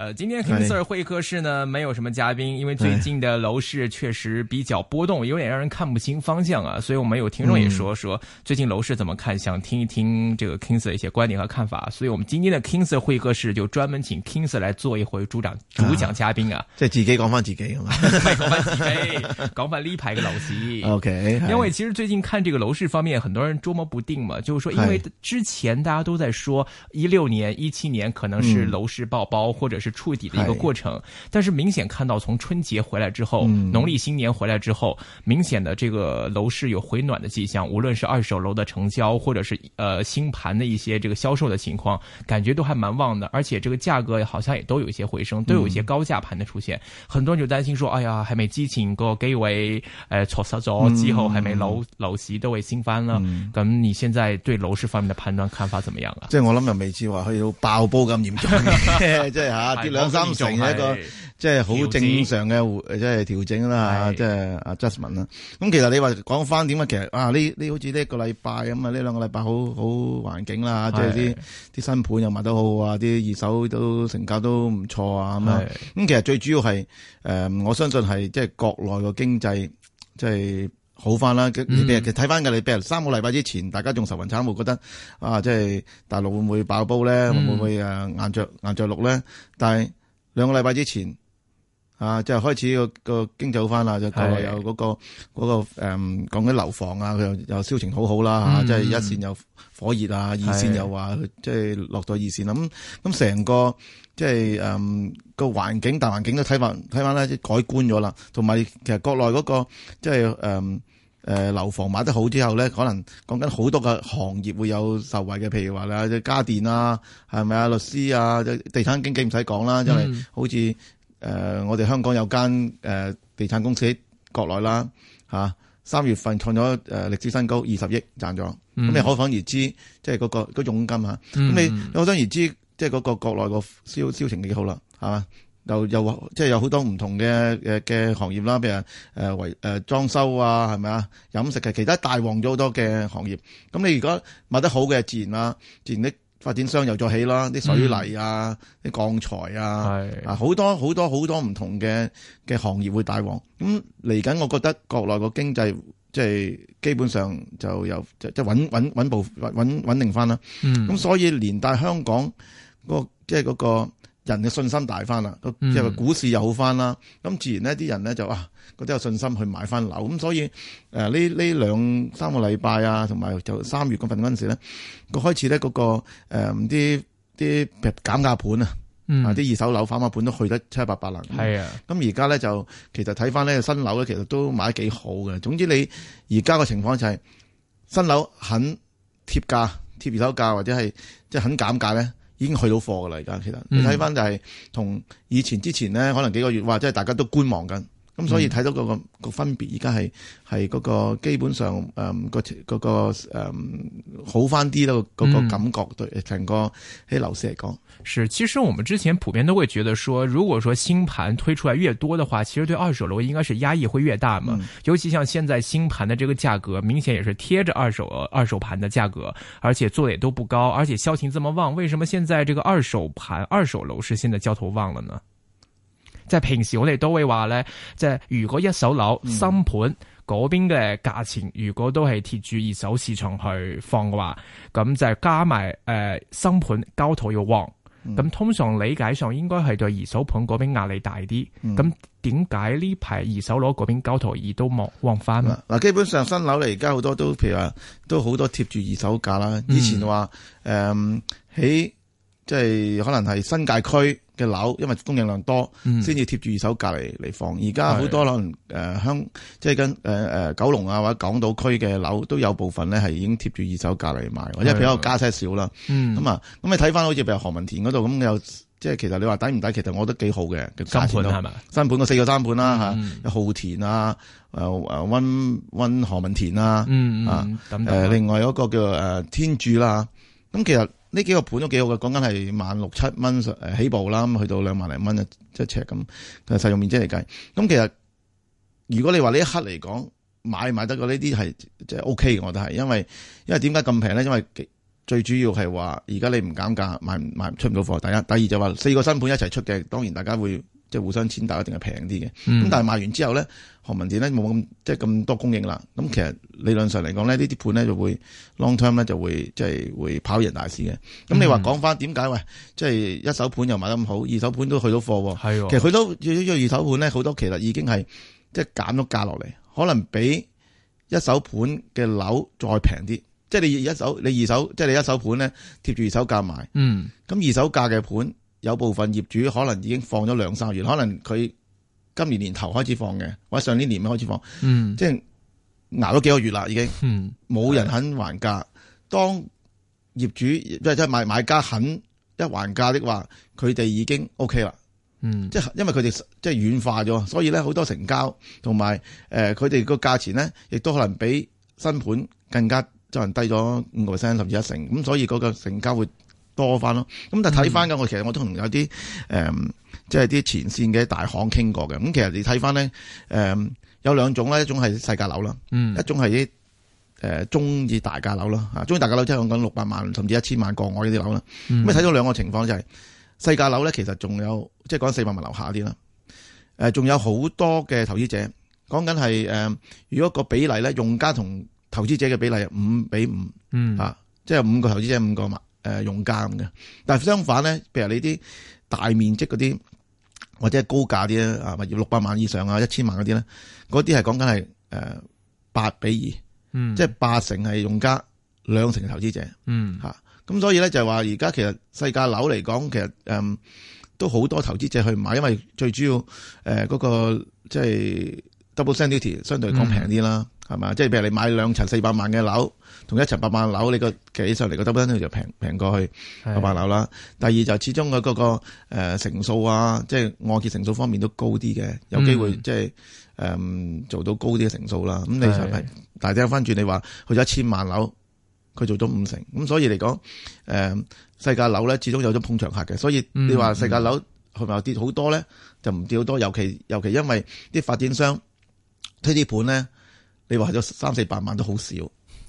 呃，今天的 Kingsir 會客室呢，哎、沒有什麼嘉賓，因為最近的樓市確實比較波動，哎、有點讓人看不清方向啊。所以我們有聽眾也說、嗯、說最近樓市怎麼看，想聽一聽這個 Kingsir 的一些觀點和看法。所以我們今天的 Kingsir 會客室就專門請 Kingsir 來做一回主講、啊、主講嘉賓啊。這自己講翻自己嘛，沒有問題，講翻立排個老細。OK，因為其實最近看這個樓市方面，很多人捉摸不定嘛，就是說，因為之前大家都在說一六、哎、年、一七年可能是樓市爆包，包，嗯、或者是。觸底的一個過程，是但是明顯看到從春節回來之後，嗯、農曆新年回來之後，明顯的這個樓市有回暖的跡象。無論是二手樓的成交，或者是呃新盤的一些這個銷售的情況，感覺都還蠻旺的。而且這個價格好像也都有一些回升，嗯、都有一些高價盤的出現。很多人就擔心說：“哎呀，係咪之前個，機會，呃，錯失咗之後，係咪樓、嗯、樓市都會升翻啦、啊？”咁、嗯、你現在對樓市方面的判斷看法怎麼樣啊？即係我諗又未至話去到爆煲咁嚴重，即係吓。跌兩三成係一個即係好正常嘅即係調整啦，即係 adjustment 啦的。咁其實你話講翻點啊？其實啊，呢呢好似呢一個禮拜咁啊，呢兩個禮拜好好環境啦，的即係啲啲新盤又賣得好好啊，啲二手都成交都唔錯啊咁啊。咁的其實最主要係誒、呃，我相信係即係國內嘅經濟即係。就是好翻啦！其實你睇翻嘅你，譬如三個禮拜之前，大家仲愁雲慘霧覺得啊，即係大陸會唔會爆煲咧？嗯、會唔會誒硬着硬着陸咧？但係兩個禮拜之前。啊，即係開始個個經濟好翻啦，就國內有嗰、那個嗰個誒、嗯、講緊樓房啊，佢又又銷情好好啦，嚇，即係一線又火熱啊，的二線又話即係落咗二線啦。咁咁成個即係誒個環境大環境都睇翻睇翻咧，即改觀咗啦。同埋其實國內嗰、那個即係誒誒樓房買得好之後咧，可能講緊好多個行業會有受惠嘅，譬如話咧，家電啊，係咪啊，律師啊，地產經紀唔使講啦，即係、嗯、好似。誒、呃，我哋香港有間誒、呃、地產公司，國內啦，嚇、啊、三月份創咗誒、呃、歷史新高二十億賺咗，咁你可想而知，即係嗰個嗰佣金啊。咁你可想而知，即係嗰個國內個銷情幾好啦，嚇又又即係有好多唔同嘅嘅行業啦，譬如誒維裝修啊，係咪、呃呃、啊，啊，飲食嘅，其他大旺咗好多嘅行業，咁你如果賣得好嘅自然啦，自然你、啊。發展商又再起啦，啲水泥啊，啲鋼材啊，嗯、啊好多好多好多唔同嘅嘅行業會大旺。咁嚟緊，我覺得國內個經濟即係、就是、基本上就有即即穩穩穩步穩穩定返啦。咁、嗯嗯、所以連帶香港個即係嗰個。就是那個人嘅信心大翻啦，即係話股市又好翻啦，咁、嗯、自然呢啲人咧就啊，覺得有信心去買翻樓，咁所以誒呢呢兩三個禮拜啊，同埋就三月嗰份嗰時咧，個開始咧、那、嗰個啲啲、呃、減價盤、嗯、啊，啊啲二手樓反價盤都去得七七八八啦，係是啊，咁而家咧就其實睇翻呢個新樓咧，其實都買得幾好嘅。總之你而家個情況就係、是、新樓肯貼價、貼二手價或者係即係肯減價咧。已經去到貨㗎啦！而家其實你睇翻就係同以前之前咧，可能幾個月，哇！即係大家都觀望緊。咁、嗯、所以睇到個個分別而家係係嗰個基本上誒、呃，那個嗰、那個誒、呃、好翻啲咯，嗰感覺、嗯、對陳哥喺樓市嚟講，是，其實我們之前普遍都會覺得說，說如果說新盤推出來越多的話，其實對二手樓應該是壓抑會越大嘛。嗯、尤其像現在新盤的這個價格，明顯也是貼着二手二手盤的價格，而且做得也都不高，而且銷情這麼旺，為什麼現在這個二手盤二手樓市現在焦頭望了呢？即係平時我哋都會話咧，即係如果一手樓新盤嗰邊嘅價錢，如果都係貼住二手市場去放嘅話，咁就係加埋誒新盤交投要旺，咁通常理解上應該係對二手盤嗰邊壓力大啲。咁點解呢排二手樓嗰邊交投而都旺旺翻啦？嗱，基本上新樓嚟而家好多都譬如話，都好多貼住二手價啦。以前話誒喺即係可能係新界區。嘅樓，因為供應量多，先至貼住二手隔籬嚟放。而家好多可能是、呃、香，即係跟誒誒九龍啊或者港島區嘅樓都有部分咧係已經貼住二手隔籬賣，或者比較加些少啦。咁啊的，咁你睇翻好似譬如何文田嗰度咁，有即係其實你話抵唔抵？其實我覺得幾好嘅。新盤係嘛？新吧盤個四個新盤啦有、嗯啊、浩田啊，誒誒溫溫何文田啊，嗯嗯，誒、嗯啊、另外嗰個叫誒天柱啦咁、啊、其實。呢幾個盤都幾好嘅，講緊係萬六七蚊誒起步啦，去到兩萬零蚊啊，一尺咁，但誒實用面積嚟計。咁其實如果你話呢一刻嚟講買買得過呢啲係即係 OK，嘅。我覺得係，因為因為點解咁平咧？因為最主要係話而家你唔減價，賣唔出唔到貨。第一，第二就話四個新盤一齊出嘅，當然大家會。即係互相錢，大一定係平啲嘅，咁、嗯、但係賣完之後咧，何文田咧冇咁即係咁多供應啦。咁其實理論上嚟講咧，呢啲盤咧就會 long time 咧就會即係、就是、會跑贏大市嘅。咁、嗯、你話講翻點解？喂，即、就、係、是、一手盤又賣得咁好，二手盤都去到貨喎。哦、其實佢都要要二手盤咧好多其實已經係即係減咗價落嚟，可能比一手盤嘅樓再平啲。即、就、係、是、你一手你二手即係、就是、你一手盤咧貼住二手價賣。嗯，咁二手價嘅盤。有部分業主可能已經放咗兩三個月，可能佢今年年頭開始放嘅，或者上年年尾開始放，嗯、即係捱咗幾個月啦，已經冇、嗯、人肯還價。當業主即係即係買買家肯一還價的話，佢哋已經 O K 啦。嗯、即係因為佢哋即係軟化咗，所以咧好多成交同埋誒佢哋個價錢咧，亦都可能比新盤更加就能低咗五個 percent 甚至一成，咁所以嗰個成交會。多翻咯，咁但係睇翻嘅，我、嗯、其實我都同有啲誒，即係啲前線嘅大行傾過嘅。咁其實你睇翻咧，誒、嗯、有兩種咧，一種係細價樓啦，嗯、一種係啲誒中至大價樓啦。中至大價樓即係講緊六百萬甚至一千萬個外啲樓啦。咁睇到兩個情況就係細價樓咧，其實仲有即係講四百萬樓下啲啦。誒、啊，仲有好多嘅投資者講緊係誒，如果個比例咧，用家同投資者嘅比例五比五、嗯，啊，即係五個投資者五個嘛。誒、呃、用家嘅，但相反咧，譬如你啲大面積嗰啲或者係高價啲咧，啊，或者六百萬以上啊、一千萬嗰啲咧，嗰啲係講緊係誒八比二，嗯，即係八成係用家，兩成係投資者，嗯，咁、啊、所以咧就係話而家其實細價樓嚟講，其實誒、嗯、都好多投資者去買，因為最主要誒嗰、呃那個即係 double standard 相對嚟講平啲啦，係嘛、嗯？即係譬如你買兩層四百萬嘅樓。同一層百萬樓，你個幾上嚟個得 o t 就平平過去百萬樓啦。的第二就始終個嗰個成數啊，即係按揭成數方面都高啲嘅，有機會、嗯、即係誒、嗯、做到高啲嘅成數啦。咁的你係咪？但係翻轉你話去咗一千萬樓，佢做到五成咁，所以嚟講誒細價樓咧，始終有咗捧場客嘅。所以你話細價樓係咪跌好多咧？就唔跌好多，尤其尤其因為啲發展商推啲盤咧，你話咗三四百萬都好少。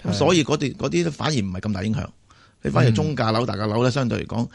嗯、所以嗰啲嗰啲反而唔係咁大影響，你反而中價樓大價樓咧，相對嚟講、嗯、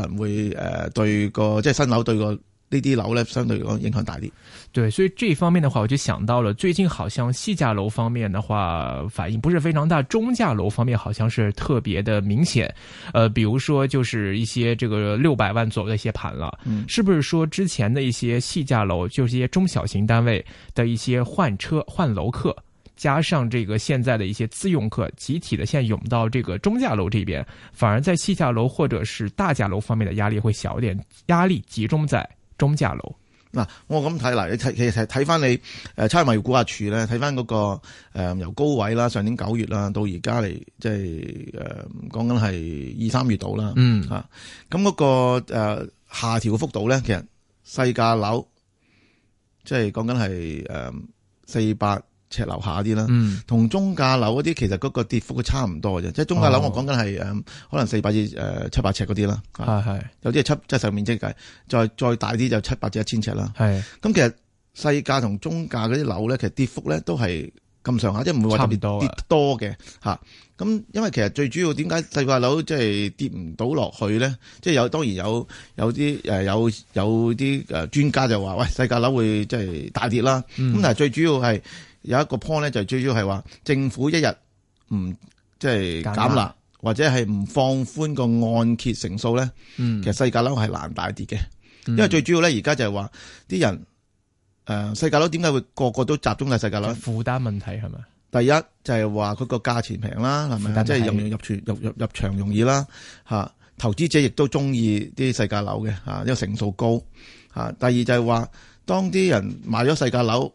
可能會誒對個即係、就是、新樓對個呢啲樓咧，相對嚟講影響大啲。對，所以這方面的話我就想到了最近好像細價樓方面的話反應不是非常大，中價樓方面好像是特別的明顯，呃，比如說就是一些這個六百萬左右的一些盤了啦，嗯、是不是？說之前的一些細價樓，就是一些中小型單位的一些換車換樓客。加上這個現在的一些自用客集體的，現在湧到這個中價樓這邊，反而在細價樓或者是大價樓方面的壓力會小一點，壓力集中在中價樓嗱、啊。我咁睇嗱，你睇其實睇翻你誒，差唔多要估下處咧，睇翻嗰個誒、呃、由高位啦，上年九月啦，到而家嚟即係誒、呃、講緊係二三月度啦，嗯吓咁嗰個誒、呃、下調嘅幅度咧，其實細價樓即係講緊係誒四百，呃400尺樓下啲啦，同、嗯、中價樓嗰啲其實嗰個跌幅都差唔多嘅，即係中價樓我講緊係誒，哦、可能四百至誒、哦、是七百尺嗰啲啦，係係，有啲係七即係細面積計，再再大啲就七百至一千尺啦，係是的、嗯，咁其實細價同中價嗰啲樓咧，其實跌幅咧都係。咁上下即係唔會話特別跌多嘅，咁因為其實最主要點解細價樓即係跌唔到落去咧？即係有當然有有啲誒有有啲誒專家就話喂細價樓會即係大跌啦。咁、嗯、但係最主要係有一個 point 咧、就係，就最主要係話政府一日唔即係減辣僅僅或者係唔放寬個按揭成數咧，嗯、其實細價樓係難大跌嘅，嗯、因為最主要咧而家就係話啲人。誒、啊，細價樓點解會個，個個都集中喺細價樓？負擔問題係咪？是第一就係話佢個價錢平啦，係咪？即係入入入入入入場容易啦，吓、啊、投資者亦都中意啲細價樓嘅吓，因為成數高吓、啊。第二就係話，當啲人買咗細價樓，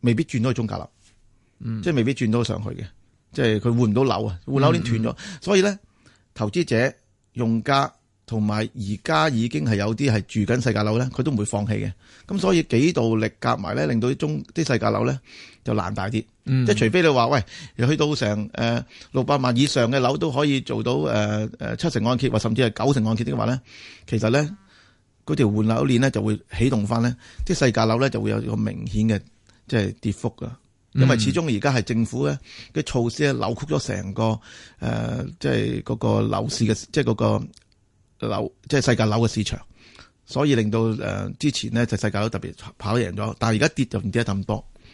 未必轉到去中價樓，嗯，即係未必轉到上去嘅，即係佢換唔到樓啊，換樓鏈斷咗，嗯、所以咧，投資者用家。同埋而家已經係有啲係住緊細價樓咧，佢都唔會放棄嘅。咁所以幾度力夾埋咧，令到啲中啲細價樓咧就難大啲。嗯、即係除非你話喂，去到成誒六百萬以上嘅樓都可以做到誒誒、呃呃呃、七成按揭或甚至係九成按揭的話咧，其實咧嗰條換樓鏈咧就會起動翻咧。啲細價樓咧就會有一個明顯嘅即係跌幅㗎！嗯、因為始終而家係政府咧嘅措施咧扭曲咗成個即係嗰個樓市嘅即係嗰個。呃樓即係世界樓嘅市場，所以令到誒之前咧就世界樓特別跑贏咗，但係而家跌就唔跌得咁多。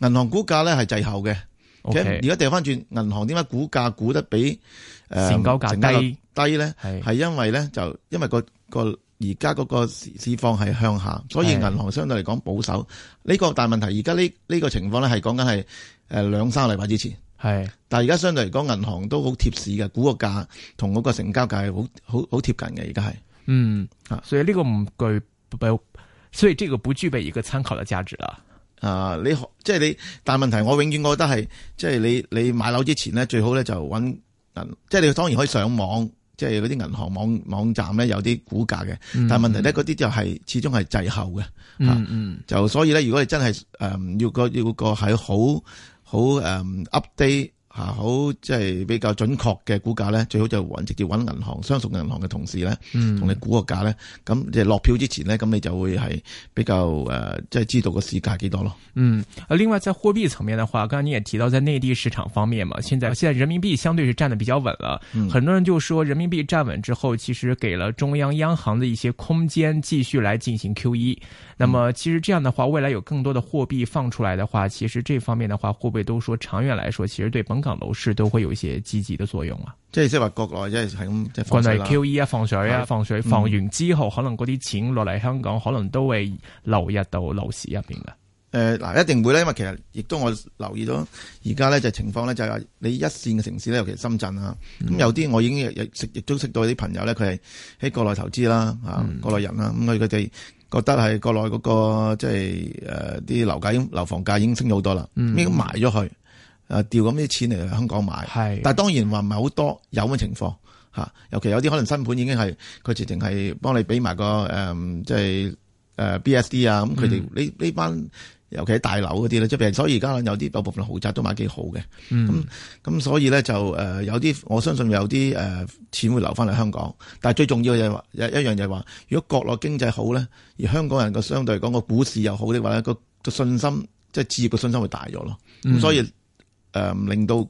銀行股價咧係滯後嘅，而家掉翻轉銀行點解股價估得比、呃、成交價低低咧？係是因為咧，就因為個個而家嗰個市市況係向下，所以銀行相對嚟講保守。呢是個大問題，而家呢呢個情況咧係講緊係誒兩三個禮拜之前係，是但係而家相對嚟講銀行都好貼市嘅，估個價同嗰個成交價係好好好貼近嘅。而家係嗯啊，所以呢個唔具所以呢個不具備一個參考嘅價值啊。啊！你即係、即係、你，但係問題，我永遠覺得係即係你你買樓之前咧，最好咧就揾，即、嗯、係、即係、你當然可以上網，即係嗰啲銀行網網站咧有啲估價嘅。但係問題咧，嗰啲就係始終係滯後嘅。嗯嗯，就，是啊、嗯嗯就所以咧，如果你真係誒要個要個係好好誒 update。呃啊，好即係比較準確嘅估價呢，最好就揾直接揾銀行、相熟銀行嘅同事咧，同你估個價呢。咁即係落票之前呢，咁你就會係比較誒、呃，即係知道個市價幾多咯。嗯，啊，另外在貨幣層面嘅話，剛剛你也提到在內地市場方面嘛，現在現在人民幣相對是站得比較穩了。嗯、很多人就說人民幣站穩之後，其實給了中央央行的一些空間，繼續來進行 QE。那麼其實這樣嘅話，未來有更多嘅貨幣放出來嘅話，其實這方面嘅話，貨幣都說長遠來說，其實對本樓市都會有一些積極的作用啊！即係即係話國內即係係咁，國內 QE 啊放水啊放水，放，水是放完之後、嗯、可能嗰啲錢落嚟香港，可能都會流入到樓市入邊嘅。誒，嗱，一定會咧，因為其實亦都我留意到而家咧就是、情況咧就係話，你一線嘅城市咧，尤其是深圳啊，咁、嗯、有啲我已經亦亦亦都識到啲朋友咧，佢係喺國內投資啦，吓、啊嗯、國內人啦，咁佢哋覺得係國內嗰、那個即係誒啲樓價樓房價已經升咗好多啦，嗯、已經埋咗去。誒，調咁啲錢嚟香港買，的但係當然話唔係好多，有咁嘅情況吓、啊，尤其有啲可能新盤已經係佢直情係幫你俾埋個誒、嗯，即係誒、呃、B S D 啊，咁佢哋呢呢班，嗯、尤其喺大樓嗰啲咧，即係譬如所以而家有啲有部分豪宅都買幾好嘅，咁咁、嗯、所以咧就誒有啲，我相信有啲誒、呃、錢會留翻嚟香港，但係最重要嘅嘢話一一樣嘢話，如果國內經濟好咧，而香港人個相對嚟講個股市又好嘅話咧，個、那個信心即係置業嘅信心會大咗咯，所以。嗯誒，令到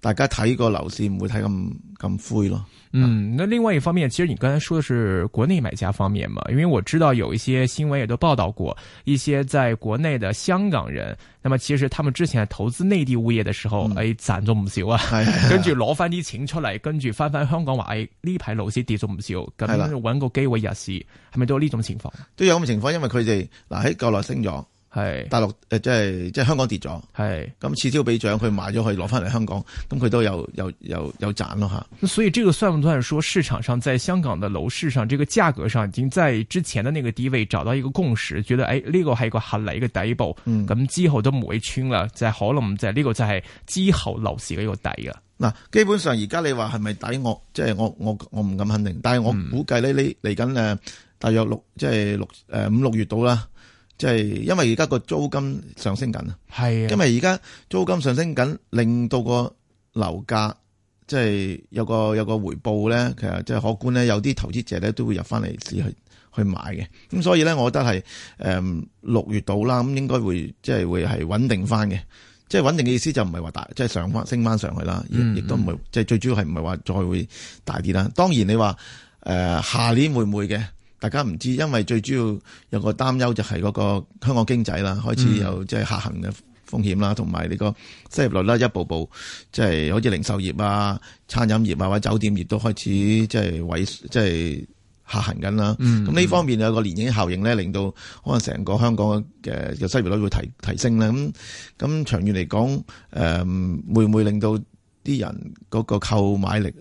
大家睇個樓市唔會睇咁咁灰咯。嗯，那另外一方面，其實你剛才說的是國內買家方面嘛，因為我知道有一些新聞也都報道過，一些在國內的香港人，那麼其實他們之前投資內地物業的時候，誒、嗯，賺咗唔少啊是，跟住攞翻啲錢出嚟，跟住翻翻香港話，誒，呢排樓市跌咗唔少，咁樣揾個機會入市，係咪的都有呢種情況？都有咁情況，因為佢哋嗱喺國內升咗。係是大陸誒，即係即係香港跌咗，係咁是此消彼長，佢買咗佢，攞翻嚟香港，咁佢都有有有有賺咯吓。所以呢個算唔算說市場上在香港的樓市上，這個價格上已經在之前的那個低位找到一個共識，覺得誒呢、哎這個係一個合理嘅底部，嗯，咁之後都唔會穿啦，就係可能就係呢個就係之後樓市嘅一個底噶。嗱、嗯，基本上而家你話係咪抵，我即係我我我唔敢肯定，但係我估計咧，你嚟緊誒大約六即係六誒五六月度啦。即係因為而家個租金上升緊啊，係因為而家租金上升緊，令到個樓價即係有個有個回報咧，其實即係可觀咧。有啲投資者咧都會入翻嚟市去去買嘅。咁所以咧，我覺得係誒六月度啦，咁應該會即係會係穩定翻嘅。即係穩定嘅意思就唔係話大，即係上翻升翻上去啦，亦都唔係即係最主要係唔係話再會大啲啦。當然你話呃、下年會唔會嘅？大家唔知，因為最主要有個擔憂就係嗰個香港經濟啦，開始有即係下行嘅風險啦，同埋呢個失業率啦，一步步即係、就是、好似零售業啊、餐飲業啊、或者酒店業都開始即係萎即係下行緊啦。咁呢、嗯、方面有個連影效應咧，令到可能成個香港嘅嘅失業率會提提升啦，咁咁長遠嚟講誒會唔會令到啲人嗰個購買力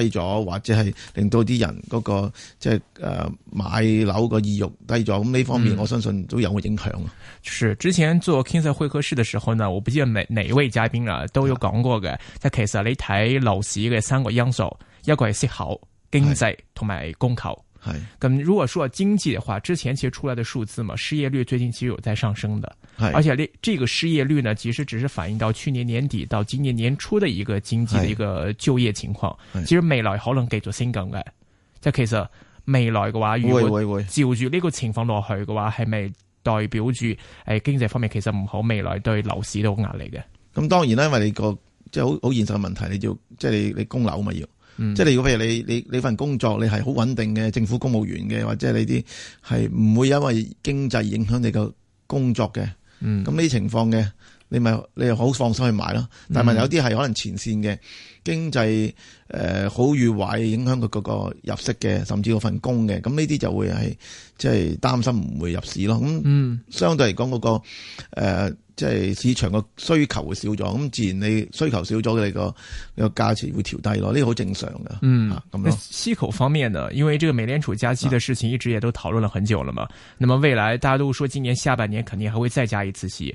低咗或者係令到啲人嗰、那個即係誒買樓個意欲低咗，咁呢方面我相信都有個影響。啊、嗯，是之前做 Kingsir 會客室嘅時候呢，我唔記得哪一位嘉賓啊都有講過嘅，即是的 其實你睇樓市嘅三個因素，一個係息口經濟同埋供求。咁是如果說經濟嘅話，之前其實出來的數字嘛，失業率最近其實有在上升的。是而且呢，這個失業率呢，其實只是反映到去年年底到今年年初的一個經濟嘅一個就業情況。是其實未來可能繼續升降嘅，即係是其實未來嘅話，如果照住呢個情況落去嘅話，係咪代表住誒、哎、經濟方面其實唔好？未來對樓市都壓力嘅。咁當然啦，因為你個即係好好現實嘅問題，你要就即、是、係你你供樓咪要。即係你，如果譬如你你你份工作你係好穩定嘅政府公務員嘅，或者你啲係唔會因為經濟影響你個工作嘅，咁呢啲情況嘅。你咪你又好放心去買咯，但係有啲係可能前線嘅、嗯、經濟誒好與壞影響佢嗰個入息嘅，甚至個份工嘅，咁呢啲就會係即係擔心唔會入市咯。咁、嗯嗯、相對嚟講嗰個誒即係市場個需求會少咗，咁自然你需求少咗，你個個價錢會調低咯，呢個好正常嘅。嗯，咁咯、啊。息口方面呢，因為這個美聯儲加息的事情一直也都討論了很久了嘛，啊、那麼未來大家都說今年下半年肯定還會再加一次息。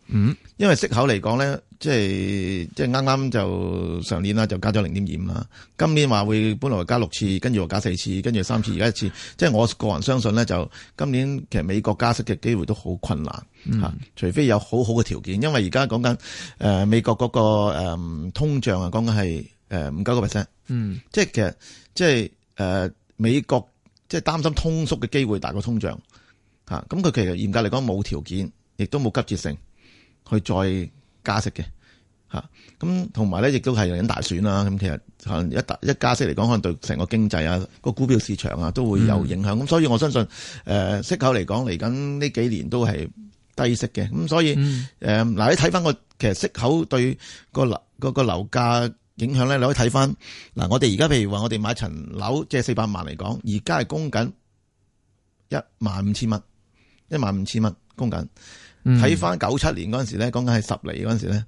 嗯，因為息口嚟講咧，即係即係啱啱就上年啦，就加咗零點二五啊。今年話會本來加六次，跟住又加四次，跟住三次，而家一次。即係我個人相信咧，就今年其實美國加息嘅機會都好困難吓，嗯、除非有好好嘅條件。因為而家講緊誒美國嗰、那個誒、呃、通脹啊，講緊係誒五九個 percent。嗯，即係其實即係誒美國即係擔心通縮嘅機會大過通脹吓，咁、啊、佢其實嚴格嚟講冇條件，亦都冇急切性，去再加息嘅，吓咁同埋咧，亦都係有緊大選啦。咁其實可能一一加息嚟講，可能對成個經濟啊、個股票市場啊，都會有影響。咁、嗯、所以我相信，誒息口嚟講，嚟緊呢幾年都係低息嘅。咁所以誒嗱、嗯嗯，你睇翻個其實息口對個樓個樓價影響咧，你可以睇翻嗱，我哋而家譬如話，我哋買層樓，即係四百萬嚟講，而家係供緊一萬五千蚊，一萬五千蚊供緊。睇翻九七年嗰陣時咧，講緊係十厘嗰陣時咧，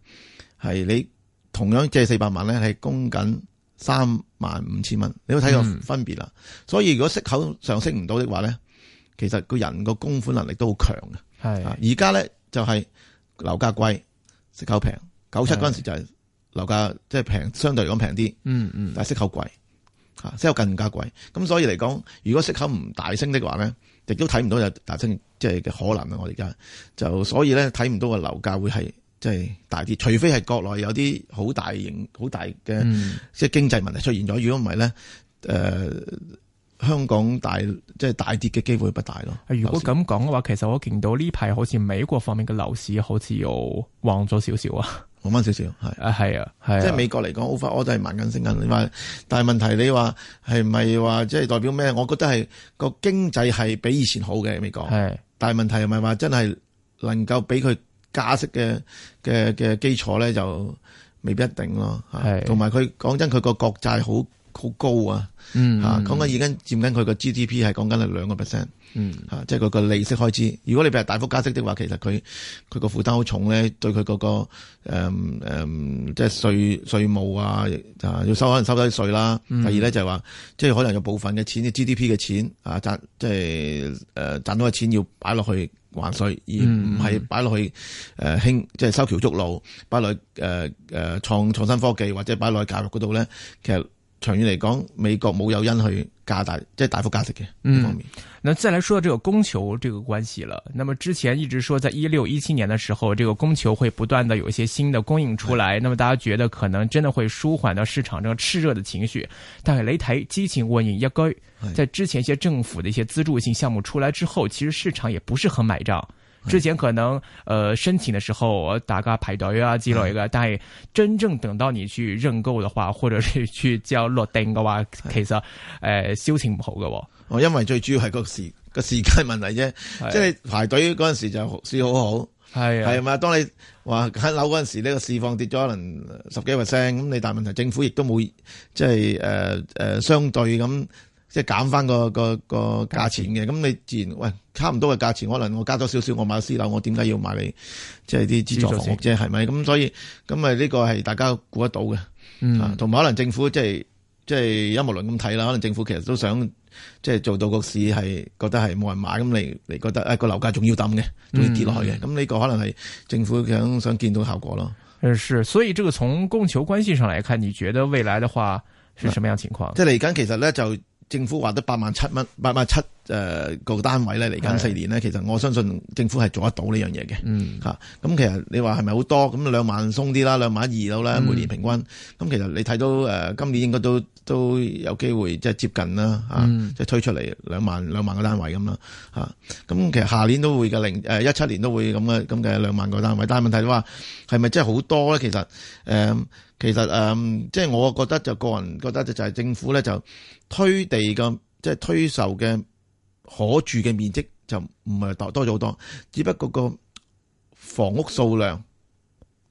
係你同樣借四百萬咧，係供緊三萬五千蚊，你都睇過個分別啦。嗯、所以如果息口上升唔到的話咧，其實個人個供款能力都好強嘅。係而家咧就係樓價貴，息口平。九七嗰陣時就係樓價即係平，相對嚟講平啲。嗯嗯。但係息口貴，吓息口更加貴。咁所以嚟講，如果息口唔大升的話咧。亦都睇唔到有大升，即係嘅可能啊！我而家就所以咧睇唔到個樓價會係即係大跌，除非係國內有啲好大型、好大嘅即係經濟問題出現咗。如果唔係咧，誒、呃。香港大即係、就是、大跌嘅機會不大咯。如果咁講嘅話，其實我見到呢排好似美國方面嘅樓市好似又旺咗少少啊，旺翻少少係啊係啊係。啊即係美國嚟講，offer 我都係慢緊升緊。你話、嗯，但係問題你話係咪話即係代表咩？我覺得係個經濟係比以前好嘅美國，係是。但係問題又係咪話真係能夠俾佢加息嘅嘅嘅基礎咧，就未必一定咯。係是。同埋佢講真，佢個國債好。好高啊！嚇、嗯，講緊已經佔緊佢個 GDP 係講緊係兩個 percent，即係佢個利息開支。如果你譬如大幅加息的話，其實佢佢個負擔好重咧，對佢嗰個誒即係稅稅務啊，要收可能收低啲稅啦。嗯、第二咧就係話，即、就、係、是、可能有部分嘅錢，啲 GDP 嘅錢啊賺，即係誒賺到嘅錢要擺落去還稅，而唔係擺落去誒興，即係修橋築路，擺落去誒誒創創新科技或者擺落去教育嗰度咧，其實長遠嚟講，美國冇有原因去加大即係、就是、大幅加息嘅方面，嗯。那再來說到這個供求這個關係了。那麼之前一直說在，在一六一七年的時候，這個供求會不斷的有一些新的供應出來。的那麼大家覺得可能真的會舒緩到市場這個熾熱的情緒，但是雷台激情沃應一個，在之前一些政府的一些資助性項目出來之後，其實市場也不是很買賬。之前可能，呃，申請嘅時候，我大家排隊啊之類嘅，是的但係真正等到你去認購嘅話，或者係去交落定嘅話，的其實誒銷、呃、情唔好嘅。哦，因為最主要係個時、個時間問題啫，即係的排隊嗰陣時候就市好好，係係嘛。當你話喺樓嗰陣時候，呢、呢個市況跌咗可能十幾 percent，咁你大問題政府亦都冇即係誒誒相對咁。即係減翻個個個價錢嘅，咁你自然喂，差唔多嘅價錢，可能我加多少少，我買私樓，我點解要買你即係啲資助房屋啫？係咪助？咁所以咁、嗯、啊，呢個係大家估得到嘅，同埋可能政府即係即係一無論咁睇啦。可能政府其實都想即係做到個市係覺得係冇人買，咁你你覺得誒、哎、個樓價仲要抌嘅，仲要跌落去嘅？咁呢、嗯、個可能係政府想想見到效果咯。係是，所以這個從供求關係上來看，你覺得未來的話是什麼樣情況？啊、即係嚟緊其實咧就。政府話得八萬七蚊，八萬七誒個單位咧，嚟緊四年咧，是的 其實我相信政府係做得到呢樣嘢嘅。嗯，吓咁其實你話係咪好多？咁兩萬鬆啲啦，兩萬二囉啦，每年平均。咁、嗯、其實你睇到誒、呃，今年應該都都有機會即係接近啦，嚇、啊，即係、嗯、推出嚟兩萬兩萬個單位咁啦，咁、啊、其實下年都會嘅，零誒一七年都會咁嘅咁嘅兩萬個單位。但係問題你話係咪真係好多咧？其實、呃其實誒、嗯，即係我覺得就個人覺得就就係政府咧就推地嘅，即係推售嘅可住嘅面積就唔係多多咗好多，只不過個房屋數量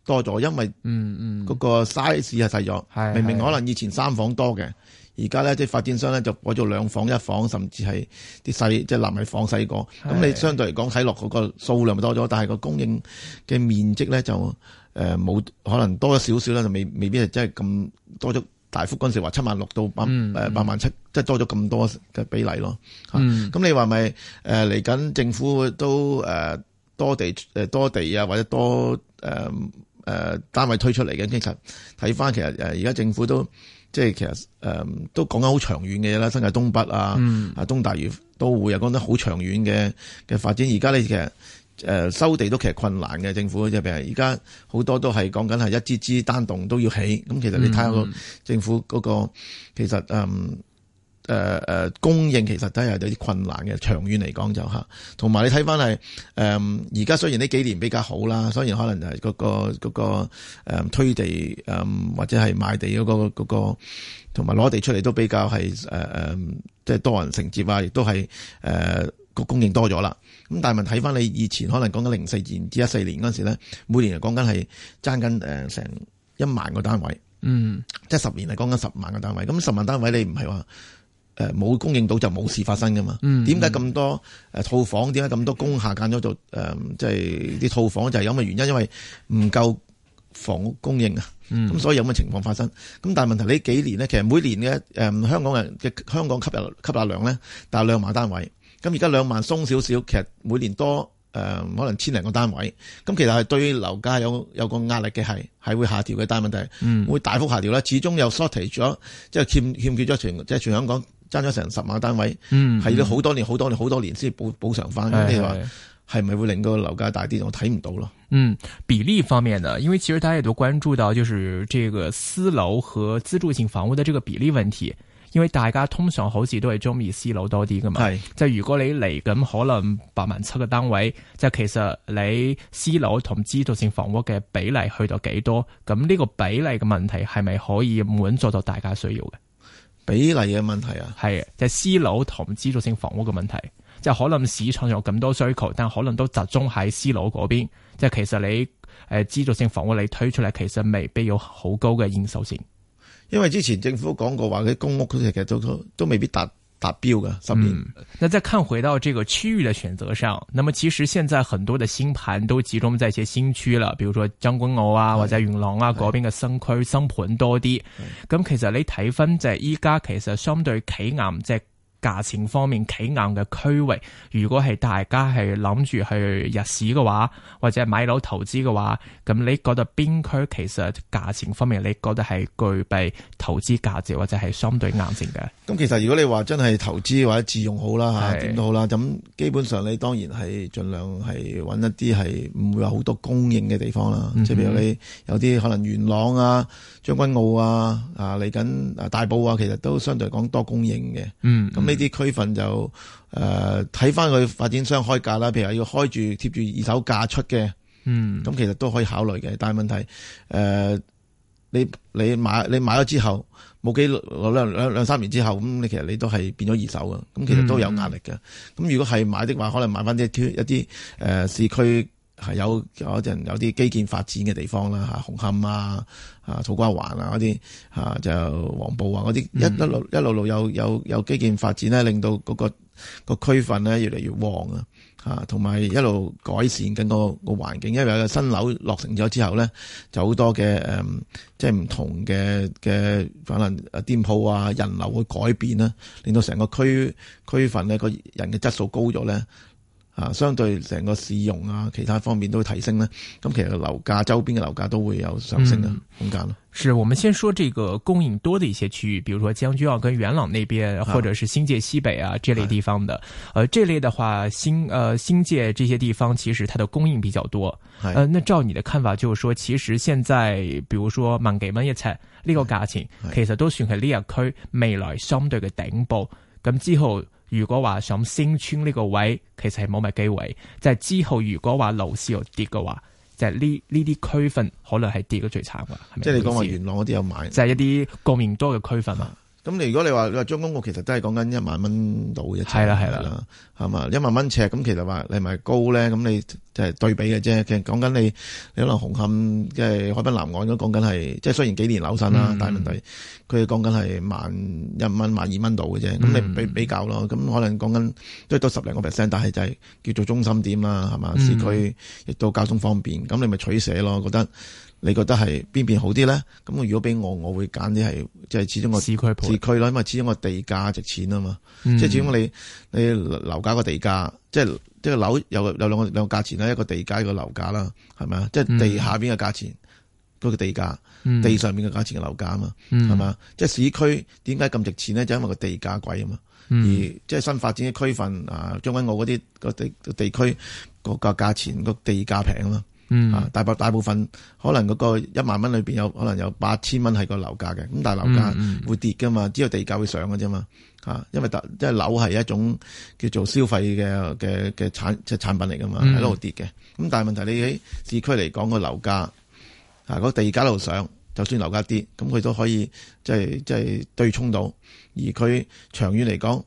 多咗，因為嗯嗯嗰個 size 係細咗，嗯嗯、明明可能以前三房多嘅，而家咧即係發展商咧就改做兩房一房，甚至係啲細即係納米房細個，咁是是 你相對嚟講睇落嗰個數量多咗，但係個供應嘅面積咧就。誒冇、呃、可能多咗少少啦，就未未必係真係咁多咗大幅嗰陣時 7,、嗯，話七萬六到八誒萬七，即係多咗咁多嘅比例咯。咁、嗯啊、你話咪誒嚟緊政府都誒、呃、多地、呃、多地啊，或者多誒誒、呃呃、單位推出嚟嘅？其實睇翻其實而家政府都即係其實誒、呃、都講緊好長遠嘅嘢啦，新界東北啊，嗯、啊東大嶼都會有講得好長遠嘅嘅發展。而家你其實。誒收地都其實困難嘅，政府嘅啫。譬如而家好多都係講緊係一支支單棟都要起，咁其實你睇下個政府嗰、嗰個嗯嗯其實誒誒誒供應其實都係有啲困難嘅，長遠嚟講就吓，同埋你睇翻係誒而家雖然呢幾年比較好啦，雖然可能係、嗰個、嗰個嗰個誒推地誒或者係賣地嗰個嗰個，同埋攞地出嚟都比較係誒誒即係多人承接啊，亦都係誒個供應多咗啦。咁但係問睇翻你以前可能講緊零四年至一四年嗰陣時咧，每年嚟講緊係爭緊成一萬個單位，嗯，即係十年係講緊十萬個單位。咁十萬單位你唔係話冇供應到就冇事發生㗎嘛嗯？嗯，點解咁多、呃、套房？點解咁多工廈間咗做誒？即係啲套房就係、是、有嘅原因，因為唔夠房屋供應啊。咁、嗯、所以有咁嘅情況發生。咁但係問題你呢幾年咧，其實每年嘅、呃、香港人嘅香港吸入吸納量咧，但係兩萬單位。咁而家兩萬鬆少少，其實每年多誒、呃、可能千零個單位，咁其實對對樓價有有個壓力嘅係，係會下調嘅，但係問題會大幅下調啦。始終又 shortage 咗，即係欠欠缺咗全即係全香港爭咗成十萬單位，係、嗯、要好多年、好多年、好多年先補補償返即係話係咪會令到樓價大啲？我睇唔到咯。嗯，比例方面呢？因為其實大家亦都關注到，就是這個私樓和資助性房屋的這個比例問題。因為大家通常好似都係中意私樓多啲噶嘛，是就如果你嚟咁，可能八萬七嘅單位，就其實你私樓同資助性房屋嘅比例去到幾多？咁呢個比例嘅問題係咪可以滿足到大家需要嘅？比例嘅問題啊，係嘅，就是、私樓同資助性房屋嘅問題，就可能市場有咁多需求，但可能都集中喺私樓嗰邊，就其實你誒資、呃、資助性房屋你推出嚟，其實未必有好高嘅應受性。因為之前政府講過話啲公屋嗰啲其實都都都未必達達標㗎十年。那再看回到這個區域的選擇上，那麼其實現在很多的新盤都集中在一些新區啦，比如說將軍澳啊的或者元朗啊嗰的邊嘅新區新盤多啲。咁的、嗯、其實你睇翻就係依家其實相對企硬值。價錢方面企硬嘅區域，如果係大家係諗住去入市嘅話，或者係買樓投資嘅話，咁你覺得邊區其實價錢方面你覺得係具備投資價值或者係相對硬淨嘅？咁其實如果你話真係投資或者自用好啦吓，是啊、點都好啦，咁基本上你當然係盡量係揾一啲係唔會有好多供應嘅地方啦，即係譬如你有啲可能元朗啊、將軍澳啊、啊嚟緊大埔啊，其實都相對講多供應嘅。嗯，咁呢啲區份就誒睇翻佢發展商開價啦，譬如話要開住貼住二手價出嘅，咁、嗯、其實都可以考慮嘅。但係問題誒、呃，你你買你買咗之後，冇幾兩兩兩三年之後，咁你其實你都係變咗二手嘅，咁其實都有壓力嘅。咁、嗯、如果係買的話，可能買翻啲一啲誒、呃、市區。係有有有啲基建發展嘅地方啦，紅磡啊、啊，土瓜灣啊嗰啲、啊、就黃埔啊嗰啲，一路一路路有有有基建發展咧，令到嗰、那個個區份咧越嚟越旺啊同埋一路改善更多個環境，因為有個新樓落成咗之後咧，就好多嘅誒、嗯，即係唔同嘅嘅可能店鋪啊，人流會改變啦，令到成個區區份咧個人嘅質素高咗咧。啊，相對整個市容啊，其他方面都會提升呢咁、嗯、其實樓價周邊嘅樓價都會有上升嘅空間咯、嗯。啊、是我們先說這個供應多的一些區域，比如說將軍澳跟元朗那邊，或者是新界西北啊，啊這類地方的，是呃，這類的話，新呃新界這些地方其實它的供應比較多，是呃，那照你的看法，就是說，其實現在，比如說萬幾蚊一尺，呢個價錢，其實都算係呢個區未來相對嘅頂部。咁之後。如果話想升穿呢個位，其實係冇乜機會。就係、是、之後如果話樓市又跌嘅話，就係呢呢啲區份可能係跌得最慘嘅。係咪？即係你講話元朗嗰啲有買，就係一啲供應多嘅區份嘛？嗯咁你如果你話你話張公屋其實都係講緊一萬蚊度嘅，尺啦的，係嘛的？一萬蚊尺咁其實話你咪高咧，咁你就係對比嘅啫。其實講緊你你可能紅磡即係海濱南岸都講緊係，即係雖然幾年樓新啦，但係問題佢講緊係萬一蚊、萬二蚊度嘅啫。咁你比比較咯，咁可能講緊都係多十零個 percent，但係就係叫做中心點啦，係嘛？嗯、市區亦都交通方便，咁你咪取捨咯，覺得。你覺得係邊邊好啲咧？咁如果俾我，我會揀啲係，即係始終個市區啦，因為始終個地價值錢啊嘛。即係、嗯、始終你你樓價個地價，即係即係樓有有兩個兩個價錢啦，一個地價一個樓價啦，係咪啊？即係地下邊嘅價錢嗰、嗰個地價，嗯、地上邊嘅價錢嘅樓價啊、嗯就是、嘛，係嘛、嗯？即係市區點解咁值錢咧？就因為個地價貴啊嘛。而即係新發展嘅區份啊，將軍澳嗰啲個地地區個價價錢個地價平啊嘛。嗯，啊大部大部分可能嗰個一萬蚊裏邊有可能有八千蚊係個樓價嘅，咁但係樓價會跌噶嘛，只有地價會上噶啫嘛，啊，因為特即係樓係一種叫做消費嘅嘅嘅產即係產品嚟噶嘛，喺度、嗯、跌嘅，咁但係問題你喺市區嚟講個樓價，啊、那，個地價一路上，就算樓價跌，咁佢都可以即係即係對沖到，而佢長遠嚟講，嗰、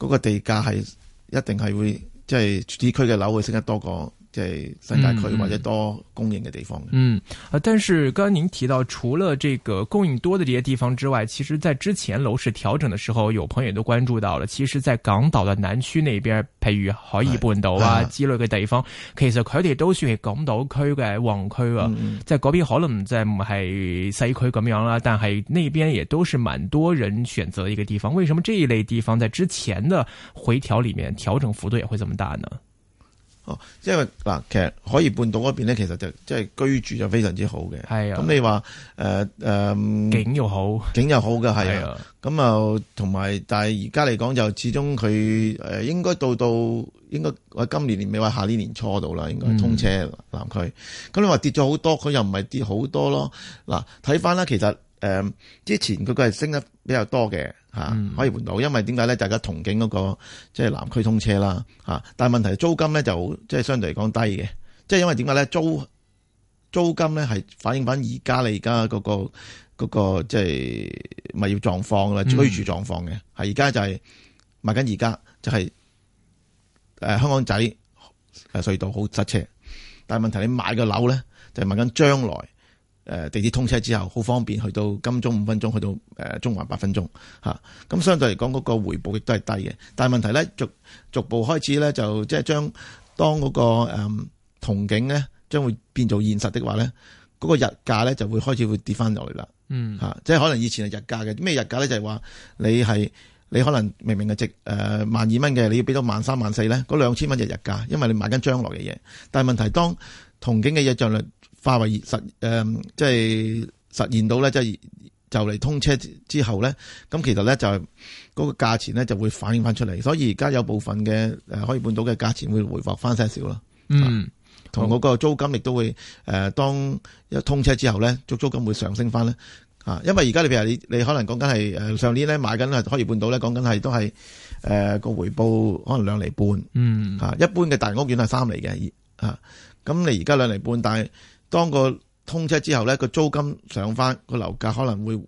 那個地價係一定係會即係、就是、市區嘅樓會升得多過。即係新界區或者多供應嘅地方嗯。嗯啊，但是剛剛您提到，除了這個供應多的這些地方之外，其實，在之前樓市調整的時候，有朋友都關注到了。其實，在港島的南區那邊，譬如海怡半島啊、是之類嘅地方，啊、其實佢哋都算係港島區嘅旺區啊。嗯、在嗰邊可能就唔係西區咁樣啦、啊，但係那邊也都是蠻多人選擇的一個地方。為什麼這一類地方在之前的回調裏面調整幅度也會這麼大呢？因為嗱，其實海怡半島嗰邊咧，其實就即係居住就非常之好嘅。係啊，咁你話誒誒，呃呃、景又好，景又好嘅係啊。咁啊，同埋，但係而家嚟講就始終佢誒應該到到應該喺今年年尾話下年年初到啦，應該，應該，應該通車南區。咁、嗯、你話跌咗好多，佢又唔係跌好多咯。嗱，睇翻啦，其實。誒、嗯，之前佢個係升得比較多嘅，嚇、嗯啊、可以換到。因為點解咧？大、就、家、是、同景嗰、那個即係、就是、南區通車啦，嚇、啊。但係問題是租金咧就即係、就是、相對嚟講低嘅，即、就、係、是、因為點解咧？租租金咧係反映返而家你而家嗰個即係、那個那個就是、物業狀況啦，居住狀況嘅。係而家就係買緊而家就係、是、誒、呃、香港仔誒隧道好塞車，但係問題你買個樓咧就係買緊將來。誒地鐵通車之後，好方便去到金鐘五分鐘，去到、呃、中環八分鐘咁、啊、相對嚟講，嗰、那個回報亦都係低嘅。但係問題咧，逐逐步開始咧，就即係將當嗰、那個誒、嗯、銅景咧，將會變做現實的話咧，嗰、那個日價咧就會開始會跌翻落嚟啦。嗯、啊、即係可能以前係日價嘅咩日價咧，就係、是、話你係你可能明明係值誒萬二蚊嘅，你要俾到萬三萬四咧，嗰兩千蚊就日價，因為你買緊將來嘅嘢。但係問題當銅景嘅日在率，化為實誒、呃，即係實現到咧，即係就嚟通車之後咧，咁其實咧就係嗰個價錢咧就會反映翻出嚟，所以而家有部分嘅誒海怡半島嘅價錢會回復翻些少啦。嗯，同嗰個租金亦都會誒、呃，當一通車之後咧，足租，租金會上升翻咧。啊，因為而家你譬如你你可能講緊係誒上年咧買緊係海怡半島咧，講緊係都係誒個回報可能兩厘半。嗯。啊，一般嘅大屋苑係三厘嘅，啊，咁你而家兩厘半，但係。當個通車之後咧，個租金上翻，個樓價可能會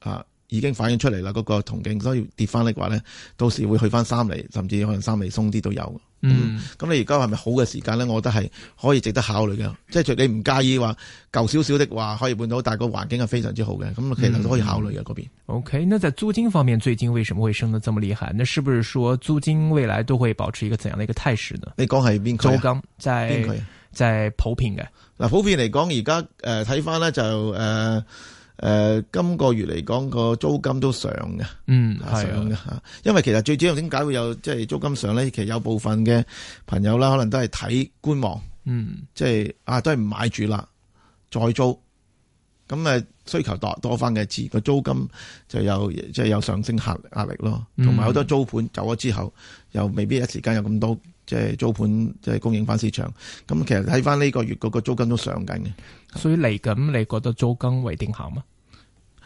啊已經反映出嚟啦。嗰、那個同境所以跌翻嚟的話咧，到時會去翻三厘，甚至可能三厘鬆啲都有。嗯，咁、嗯、你而家係咪好嘅時間咧？我覺得係可以值得考慮嘅，即係除你唔介意話舊少少的話可以換到，但個環境係非常之好嘅，咁其實都可以考慮嘅嗰、嗯、邊。OK，那在租金方面，最近為什麼會升得這麼厲害？那是不是說租金未來都會保持一個怎樣的一個態勢呢？你講係邊區，租金在邊區？哪個就係普遍嘅，嗱普遍嚟講，而家誒睇返咧就誒誒、呃呃、今個月嚟講個租金都上嘅，嗯上嘅吓，的是的 因為其實最主要點解會有即係租金上咧，其實有部分嘅朋友啦，可能都係睇觀望，嗯，即係啊都係唔買住啦，再租咁誒。需求多多翻嘅字，個租金就有即係有上升壓壓力咯，同埋好多租盤走咗之後，嗯、又未必一時間有咁多即係租盤即係供應翻市場。咁其實睇翻呢個月嗰個租金都上緊嘅。所以嚟緊你覺得租金為定效嗎？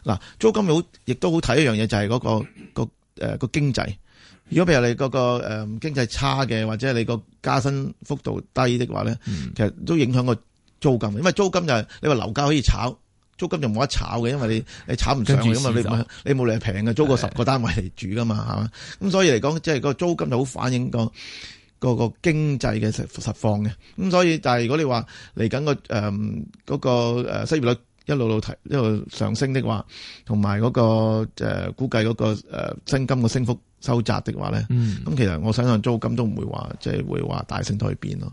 嗱，租金好，亦都好睇一樣嘢就係個個誒個經濟。如果譬如你個個誒經濟差嘅，或者你個加薪幅度低的話咧，其實都影響個租金，因為租金就係、是、你話樓價可以炒。租金就冇得炒嘅，因為你炒你炒唔上嘅嘛。你冇你冇理由平嘅，租個十個單位嚟住㗎嘛，係嘛？咁所以嚟講，即係個租金就好反映個個經濟嘅實實況嘅。咁所以，但係如果你話嚟緊個誒嗰個誒失業率一路路提一路上升的話，同埋嗰個誒估計嗰個誒薪金嘅升幅收窄的話咧，咁、嗯、其實我想像租金都唔會話即係會話大升都去變咯。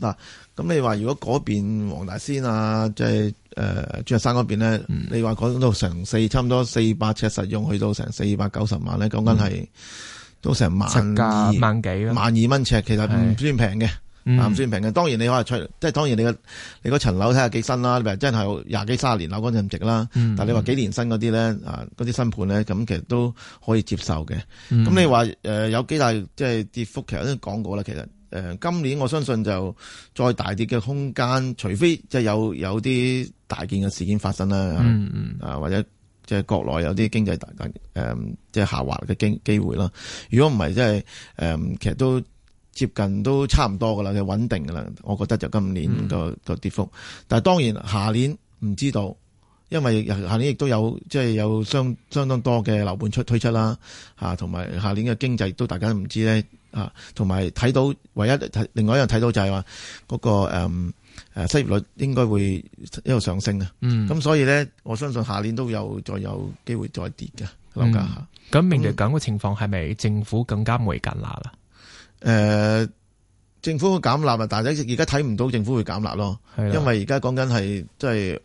嗱，咁你話如果嗰邊黃大仙啊，即係誒鑽石山嗰邊咧，嗯、你話嗰度成四，差唔多四百尺實用，去到成四百九十萬咧，講緊係都成萬萬幾萬,萬二蚊尺，其實唔算平嘅，唔、嗯、算平嘅。當然你話出，即係當然你個你嗰層樓睇下幾新啦，譬如真係廿幾三十年樓嗰陣值啦，嗯、但你話幾年新嗰啲咧，啊嗰啲新盤咧，咁其實都可以接受嘅。咁、嗯、你話誒、呃、有幾大即係跌幅，其實都講過啦，其實。誒，今年我相信就再大跌嘅空間，除非即係有有啲大件嘅事件發生啦，啊、嗯嗯、或者即係國內有啲經濟大緊，即、嗯、係、就是、下滑嘅機會啦。如果唔係，即、嗯、係其實都接近都差唔多㗎喇，就穩定㗎喇。我覺得就今年個、嗯、跌幅，但係當然下年唔知道，因為下年亦都有即係、就是、有相相當多嘅樓盤出推出啦，同埋下年嘅經濟都大家唔知咧。啊，同埋睇到唯一睇另外一樣睇到就係話嗰個誒誒、嗯啊、失業率應該會一路上升啊，咁、嗯、所以咧，我相信下年都有再有機會再跌嘅，諗下。咁面對咁嘅情況，係咪、嗯、政府更加會減辣啦？誒、呃，政府會減辣啊，但係而家睇唔到政府會減辣咯，的因為而家講緊係即係。就是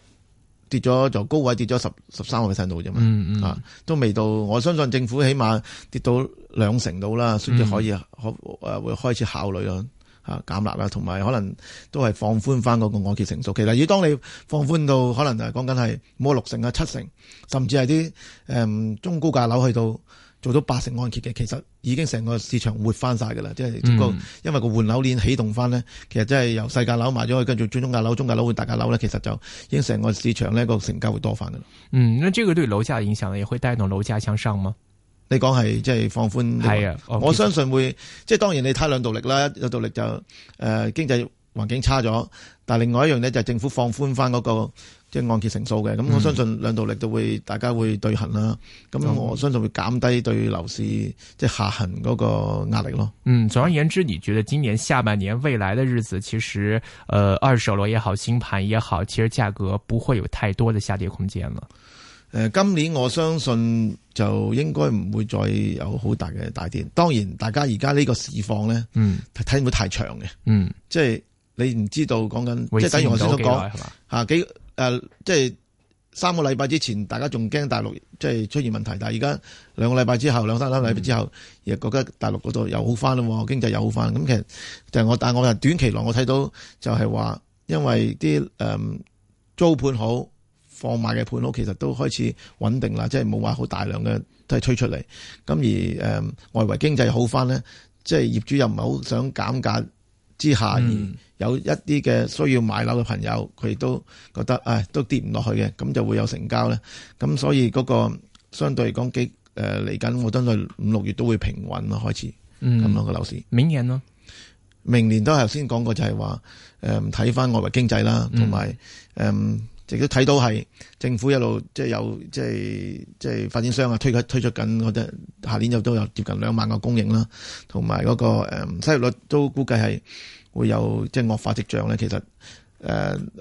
跌咗就高位跌咗十十三個 percent 度啫嘛，嗯嗯、啊都未到，我相信政府起碼跌到兩成度啦，先至可以、嗯、可誒會開始考慮咯，吓、啊、減壓啦，同埋可能都係放寬翻嗰個按揭成數。其實如果當你放寬到、嗯、可能係講緊係五六成啊七成，甚至係啲誒中高價樓去到。做到八成按揭嘅，其實已經成個市場活翻晒噶啦，即係個因為個換樓鏈啟動翻咧，嗯、其實真係由細價樓賣咗去，跟住轉中價樓、中價樓換大價樓咧，其實就已經成個市場咧個成交會多翻噶啦。嗯，那這個對樓價的影響咧，也會帶動樓價向上嗎？你講係即係放寬係啊，的我相信會即係當然你睇兩道力啦，一道力就誒、呃、經濟。環境差咗，但另外一樣咧就係、是、政府放寬翻嗰、那個即係、就是、按揭成數嘅，咁我相信兩度力都會、嗯、大家會對衡啦。咁我相信會減低對樓市即係、就是、下行嗰個壓力咯。嗯，總而言之，你覺得今年下半年未來的日子，其實誒、呃、二手樓也好，新盤也好，其實價格不會有太多的下跌空間啦。誒、呃，今年我相信就應該唔會再有好大嘅大跌。當然，大家而家呢個市況咧，嗯，係睇唔太長嘅，嗯，即係。你唔知道講緊，即係等於我先講講即係三個禮拜之前，大家仲驚大陸即係出現問題，但係而家兩個禮拜之後，兩三個禮拜之後，嗯、而家覺得大陸嗰度又好翻喎，經濟又好翻。咁其實就係我但係我係短期內我睇到就係話，因為啲誒租盤好、放買嘅盤好，其實都開始穩定啦，即係冇話好大量嘅都係推出嚟。咁而誒外圍經濟好翻咧，即係業主又唔係好想減價。之下而有一啲嘅需要買樓嘅朋友，佢都覺得啊，都跌唔落去嘅，咁就會有成交咧。咁所以嗰個相對嚟講，幾誒嚟緊，我相信五六月都會平穩咯，開始咁咯、嗯那個樓市。明年咯，明年都係頭先講過就係話誒，睇、呃、翻外圍經濟啦，同埋誒。嗯呃亦都睇到係政府一路即係有即係即係發展商啊，推緊推出緊我得下年又都有接近兩萬個供應啦，同埋嗰個失業率都估計係會有即係惡化跡象咧。其實誒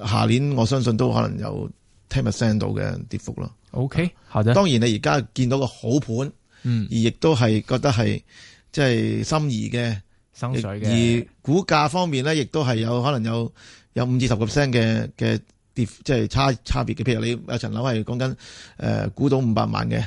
下年我相信都可能有 ten percent 到嘅跌幅咯。O K，好嘅。當然你而家見到個好盤，嗯，而亦都係覺得係即係心儀嘅生水嘅。而股價方面咧，亦都係有可能有有五至十個 percent 嘅嘅。即係差差別嘅，譬如你有層樓係講緊誒，估到五百萬嘅，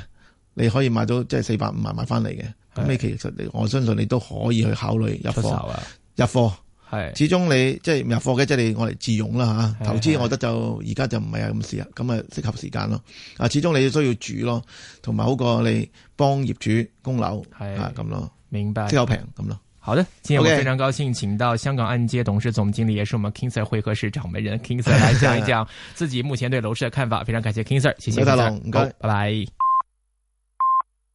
你可以買到即係四百五萬買翻嚟嘅。咁是你其實我相信你都可以去考慮入貨，入貨是始終你即係入貨嘅，即係我哋自用啦、啊、投資我覺得就而家就唔係有咁事啊，咁啊適合時間咯。啊，始終你需要住咯，同埋好過你幫業主供樓係啊咁咯，是樣明白即平咁咯。好的，今天我們非常高興，請到香港按揭董事總經理，Okay 也是我們 KingSir 會客室掌門人 KingSir 來講一講自己目前對樓市的看法。 非常感謝 KingSir，謝謝 ster，大家，拜拜 Go, Go.。